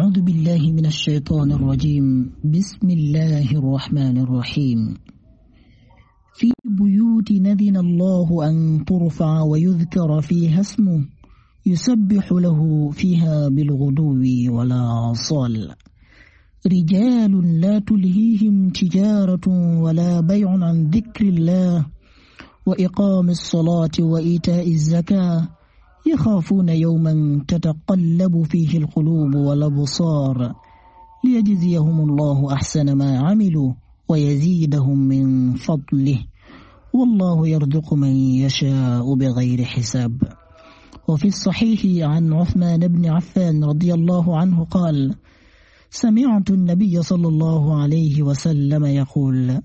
أعوذ بالله من الشيطان الرجيم بسم الله الرحمن الرحيم في بيوت نذن الله أن ترفع ويذكر فيها اسمه يسبح له فيها بالغدو ولا صال رجال لا تلهيهم تجارة ولا بيع عن ذكر الله وإقام الصلاة وإيتاء الزكاة يخافون يوما تتقلب فيه القلوب والأبصار ليجزيهم الله أحسن ما عملوا ويزيدهم من فضله والله يرزق من يشاء بغير حساب وفي الصحيح عن عثمان بن عفان رضي الله عنه قال سمعت النبي صلى الله عليه وسلم يقول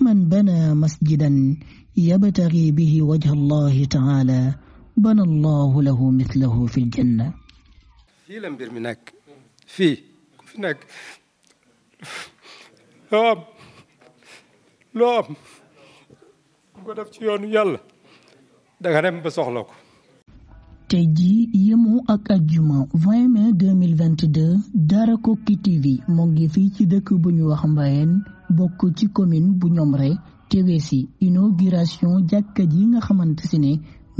من بنى مسجدا يبتغي به وجه الله تعالى bana allahu lahu mithlahu fi la mbir mi nekk fii ku fi nekk loo am loo am ku ko def ci yoonu yàlla danga dem ba soxla ko tey jii yemoo ak ajjuma 20 mai TV moo ngi fii ci dëkk bu ñu wax Mbayeen bokk ci commune bu Ñomre te weesi inauguration jàkka yi nga xamante si ne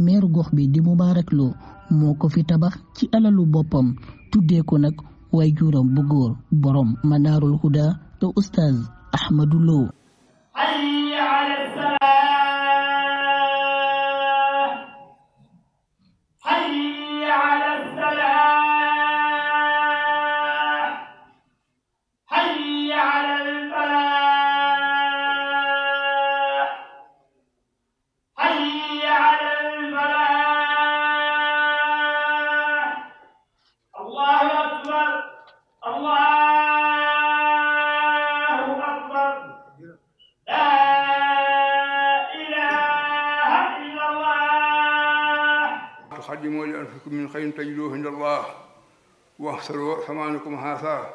meeru gox bi di Moubarak Lo moo ko fi tabax ci alalu boppam tuddee ko nag way juuram bu góor boroom borom Manaarul Huda te oustaz Ahmadou Lo تقدموا لأنفسكم من خير تجدوه عند الله واحصروا ثمانكم هذا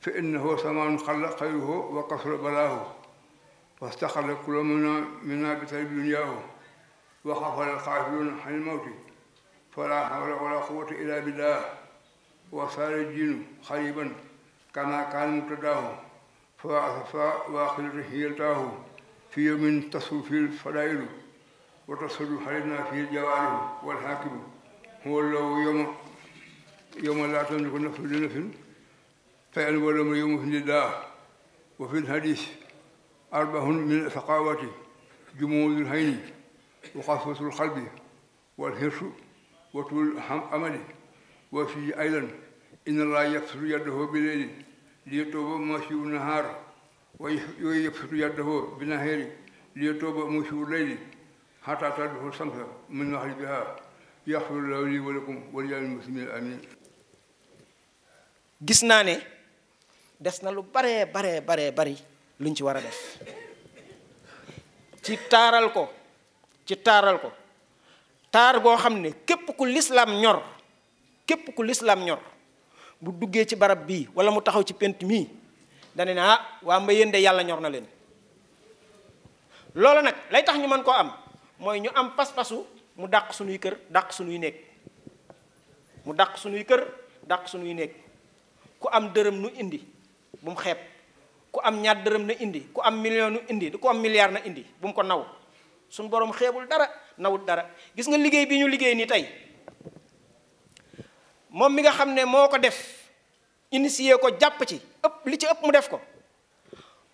فإنه ثمان قل خيره وقصر بلاه واستقر كل منا منا بترب دنياه وخفل القافلون عن الموت فلا حول ولا قوة إلا بالله وصار الدين خريبا كما كان مبتداه فواخرته يلتاه في يوم تصل فيه الفضائل وتصل حليلنا فيه الجوارح والحاكم هو الله يوم يوم لا تملك النفس لنفس فعل ولم يوم في الله وفي الحديث أربع من الثقافة جمود الهين وقسوة القلب والحرص وطول الأمل وفي أيضا إن الله يبسط يده بالليل ليتوب مشي النهار ويبسط يده بالنهار ليتوب مشي الليل حتى تلبسوا الشمس من مغربها يغفر الله لي ولكم ولجميع المسلمين آمين gis naa ne des na lu baree baree baree bari luñ ci war a def ci taaral ko ci taaral ko taar goo xam ne képp ku lislaam képp ku lislaam ñor bu duggee ci barab bii wala mu taxaw ci pent mii dana ne ah waa yàlla ñor na leen loolu nag lay tax ñu mën koo am mooy ñu am pas-pasu mu dàq suñuy kër dàq suñuy néeg mu dàq suñuy kër dàq suñuy néeg ku am dërëm nu indi bu mu xeeb ku am ñaar dërëm na indi ku am million nu indi ku am milliard na indi bum ko naw suñu borom xeebul dara nawul dara gis nga liggéey bi ñu liggéey nii tey moom mi nga xam ne moo ko def initié ko jàpp ci ëpp li ci ëpp mu def ko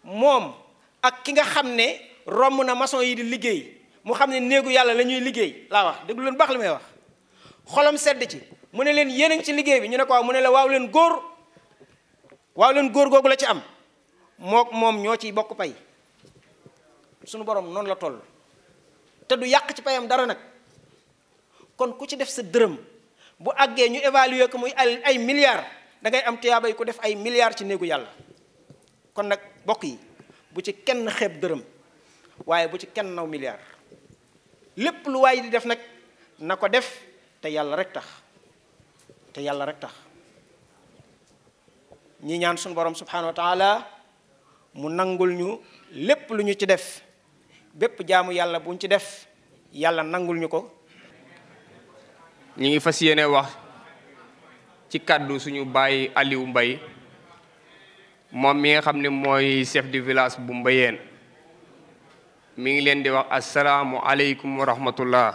moom ak ki nga xam ne romb na maçon yi di liggéey mu xam ne néegu yàlla la ñuy liggéey laa wax déglu leen baax li may wax xolam sedd ci mu ne leen yéen ci liggéey bi ñu ne ko waaw mu ne la waaw leen góor waaw leen góor googu la ci am mook moom ñoo ciy bokk pay suñu borom noonu la toll te du yàq ci payam dara nag kon ku ci def sa dërëm bu àggee ñu évaluer ko muy ay milliards dangay am tiyaaba yi ku def ay milliards ci néegu yàlla kon nag bokk yi bu ci kenn xeeb dërëm waaye bu ci kenn naw milliards lépp lu waay di def nag na ko def te yàlla rek tax te yàlla rek tax ñi ñaan suñu borom subhanahu wa taala mu nangul ñu lépp lu ñu ci def bépp jaamu yàlla buñ ci def yàlla nangul ñu ko ñi ngi fas yéene wax ci kàddu suñu bàyyi Aliou mbay moom mi nga xam ni mooy chef du village bu Mbayeen mi ngi leen di wax asalaamu aleykum wa rahmatullah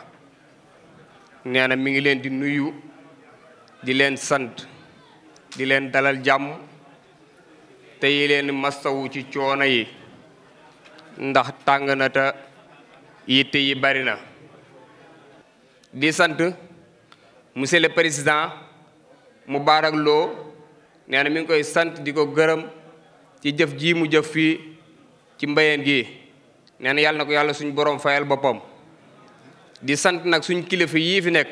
nee na mi ngi leen di nuyu di leen sant di leen dalal jàmm te yi leen mastawu ci coono yi ndax tàng na te yitte yi bari na di sant monsieur le président Moubarak Lo nee na mi ngi koy sant di ko gërëm ci jëf ji mu jëf fii ci mbayeen gi nee yàlla na ko yàlla suñ borom fayal boppam di sant nag suñ kilifa yii fi nekk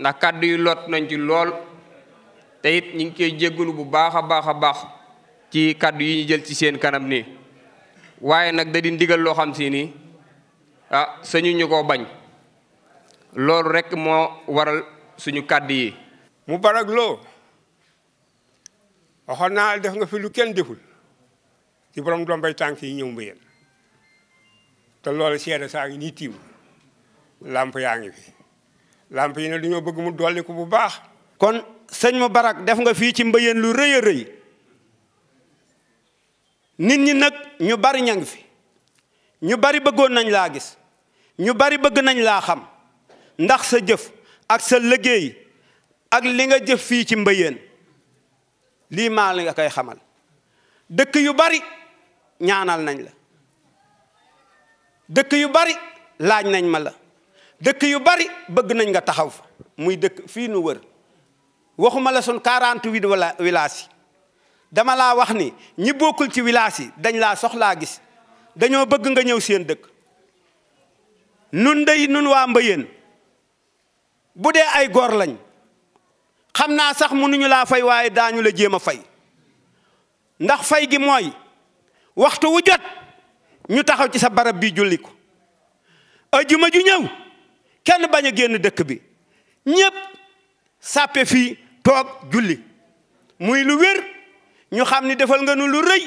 ndax kàddu yu lot nañ ci lool te it ñu ngi koy jéggalu bu baax a baax a baax ci kàddu yi ñu jël ci seen kanam nii waaye nag da di ndigal loo xam si nii ah sañu ñu koo bañ loolu rekk moo waral suñu kàdd yi mu barag loo waxoon naa def nga fi lu kenn deful ci boroom doom bay tànk yi ñëw mbayeen te loolu seede saa ngi nii tiim làmp yaa ngi fi làmp yi ne dañoo bëgg mu dolli ko bu baax kon sëñ barag def nga fii ci mbëyeen lu rëy a rëy nit ñi nag ñu bari ñang fi ñu bari bëggoon nañ laa gis ñu bari bëgg nañ laa xam ndax sa jëf ak sa liggéey ak li nga jëf fii ci mbëyeen lii maa li nga koy xamal dëkk yu bari ñaanal nañ la dëkk yu bari laaj nañ ma la dëkk yu bari bëgg nañ nga taxaw fa muy dëkk fii nu wër waxuma la sun 48 wala village yi dama la wax ni ñi bokkul ci village yi dañ laa soxlaa gis dañoo bëgg nga ñëw seen dëkk nun day nun waa Mbayeen bu dee ay gor lañ xam naa sax mënuñu laa fay waaye daañu la jéem a fay ndax fay gi mooy waxtu wu jot ñu taxaw ci sa barab bi julli ko ajjuma ju ñëw kenn bañ a génn dëkk bi ñépp sàppe fii toog julli muy lu wér ñu xam ni defal nga nu lu rëy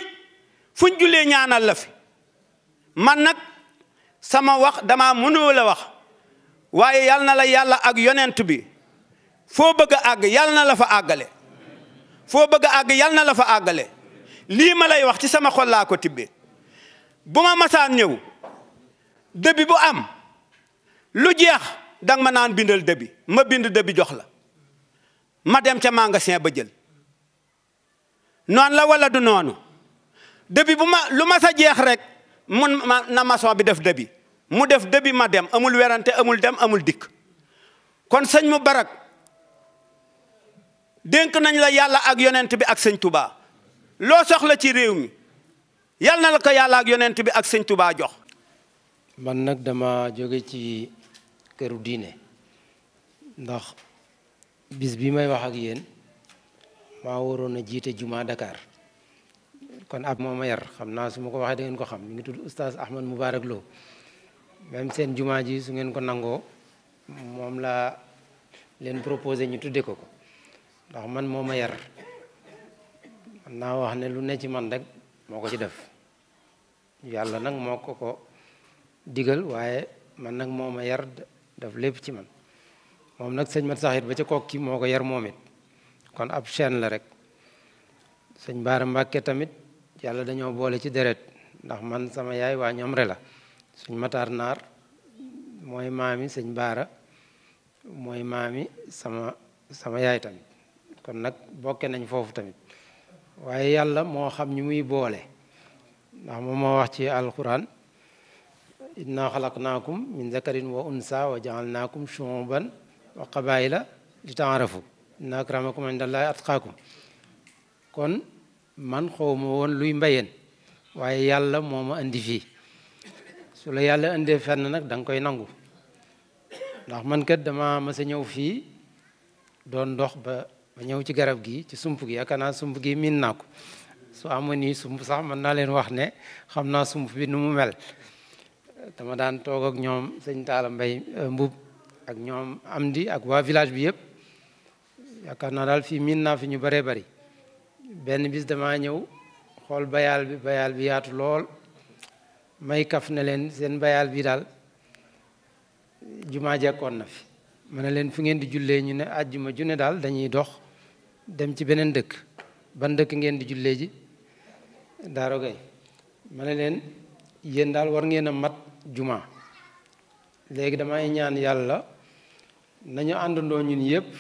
fuñ jullee ñaanal la fi man nag sama wax dama mënoo la wax waaye yal na la yàlla ak yonent bi foo bëgg a àgg yal na la fa àggale foo bëgg a àgg yal na la fa àggale lii ma lay wax ci sama xol laa ko tibbee bu ma masaan ñëw débit bu am lu jeex danga ma naan bindal débit ma bind débit jox la ma dem ca magasin ba jël noonu la wala du noonu débit bu ma lu ma sa jeex rek mun ma na maçon bi def débit mu def débit ma dem amul werante amul dem amul dikk kon sëñ barag dénk nañ la yàlla ak yonent bi ak sëñ Touba loo soxla ci réew mi yal na la yàlla ak yonent bi ak sëñ Touba jox. man nag dama jóge ci këru diine ndax bis bi may wax ak yéen maa waroon a jiite jumaa Dakar kon ab moo ma yar xam naa su ma ko waxee da ngeen ko xam mi ngi tudd oustaz Ahmad Moubarak loo même seen jumaa ji su ngeen ko nangoo moom laa leen proposé ñu tuddee ko ko ndax man moo ma yar man naa wax ne lu ne ci man rek. moo ko ci def yàlla nag moo ko ko digal waaye man nag moo ma yar daf lépp ci man moom nag sëñ ma saxit ba ca kokki moo ko yar moom kon ab chaîne la rek sëñ Baara Mbàkke tamit yàlla dañoo boole ci deret ndax man sama yaay waa ñamre la sëñ Mataar Naar mooy maami sëñ Baara mooy maami sama sama yaay tamit kon nag bokke nañ foofu tamit waaye yàlla moo xam ñu muy boole ndax moom moo wax ci alquran naa xalaqnaakum min zakarin wa unsa wa jaalnaakum shuuban wa qabaila li taarafu inna akramakum indallahi atqaakum kon man xawma woon luy mbayeen waaye yàlla moo ma indi fii su la yàlla indee fenn nag danga koy nangu ndax man kat dama mas ñëw fii doon dox ba ba ñëw ci garab gi ci sump gi yaakaar naa sump gi miin naa ko su amoon nii sump sax mën naa leen wax ne xam naa sump bi nu mu mel dama daan toog ak ñoom sëñ Talla Mbaye euh, Mbub ak ñoom Amdi ak waa village bi yépp yaakaar naa daal fii miin naa fi ñu bëree bari benn bis dama ñëw xool bayaal bi bayaal bi yaatu lool may kaf ne leen seen bayaal bi daal jumaa jekkoon na fi ma ne leen fu ngeen di jullee ñu ne àjjuma ju ne daal dañuy dox dem ci beneen dëkk ban dëkk ngeen di jullee ji daaro gay ma ne leen yéen daal war ngeen a mat juma léegi damay ñaan yàlla nañu àndandoo ñun yépp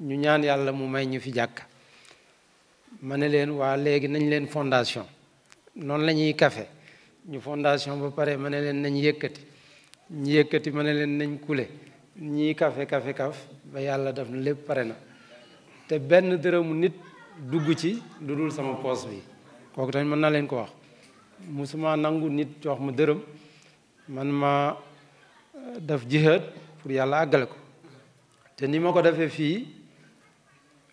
ñu ñaan yàlla mu may ñu fi jàkk ma ne leen waa léegi nañ leen fondation noonu la ñuy kafe ñu fondation ba pare ma ne leen nañ yëkkati ñu yëkkati ma ne leen nañ kule ñii kafe kafe kaf ba yàlla def na lépp pare na te benn dërëmu nit dugg ci lu dul sama poos bi kooku tamit mën naa leen ko wax mu musuma nangu nit jox ma dërëm man ma eh, def jihaad pour yàlla àggale ko te ni ma ko defee fii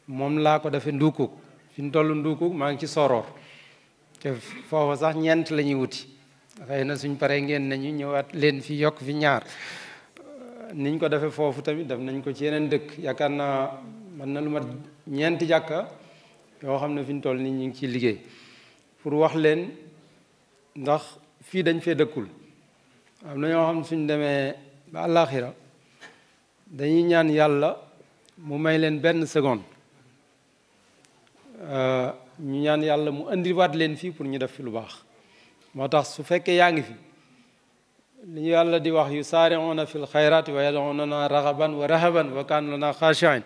moom laa ko defee nduukuk fi ñu toll nduukuk maa ngi ci soroor te foofa sax ñeent la ñuy wuti xëy na suñ paree ngeen nañu ñëwaat leen fi yokk fi ñaar eh, niñ ko defee foofu tamit def nañ ko ci yeneen dëkk yaakaar naa mën na lu mat ñeenti jàkka yoo xam ne fi ñu toll nii ñu ngi ciy liggéey pour wax leen ndax fii dañ fee dëkkul am na ñoo xam suñ demee ba àllaaxira dañuy ñaan yàlla mu may leen benn seconde euh, ñaan yàlla mu indiwaat leen fii pour ñu def fi lu baax moo tax su fekkee yaa ngi fi li yàlla di wax yu saari'uuna fil xayraati wa yad'uunanaa raghaban wa rahaban wa kaanu lanaa xaashi'iin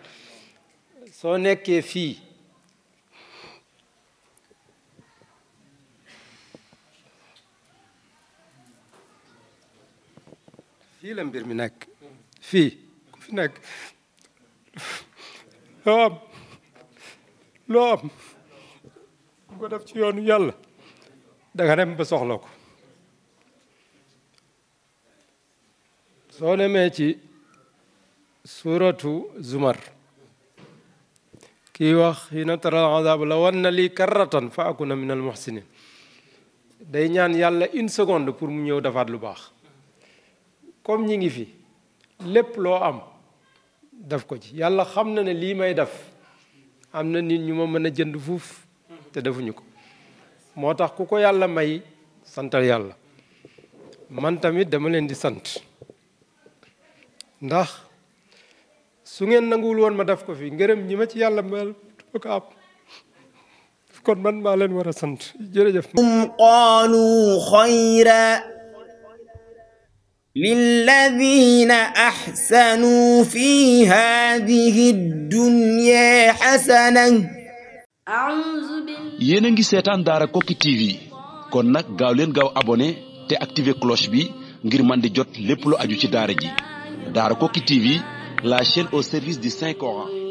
soo nekkee fii fii la mbir mi nekk fii ku fi nekk loom am loo am ku ko def ci yoonu yàlla danga dem soxla ko soo demee ci suuratu zumar kii wax xiina taral azab la wan na lii karratan fa akuna min al muhsinin day ñaan yàlla une seconde pour mu ñëw defaat lu baax comme ñi ngi fi lépp loo am def ko ci yàlla xam na ne lii may def am na nit ñu ma mën a jënd fuuf te defuñu ko moo tax ku ko yàlla may santal yàlla man tamit dama leen di sant ndax su ngeen nanguwul woon ma def ko fi ngërëm ñi ma ci yàlla mel ko am kon man maa leen war a sant jërëjëf um qaalu xayra للذين أحسنوا في هذه الدنيا حسنة yéen a ngi seetaan daara Koki TV kon nag gaaw leen gaaw abonné te activer cloche bi ngir man di jot lépp lu aju ci daara ji daara Koki TV la chaîne au service du cinq Coran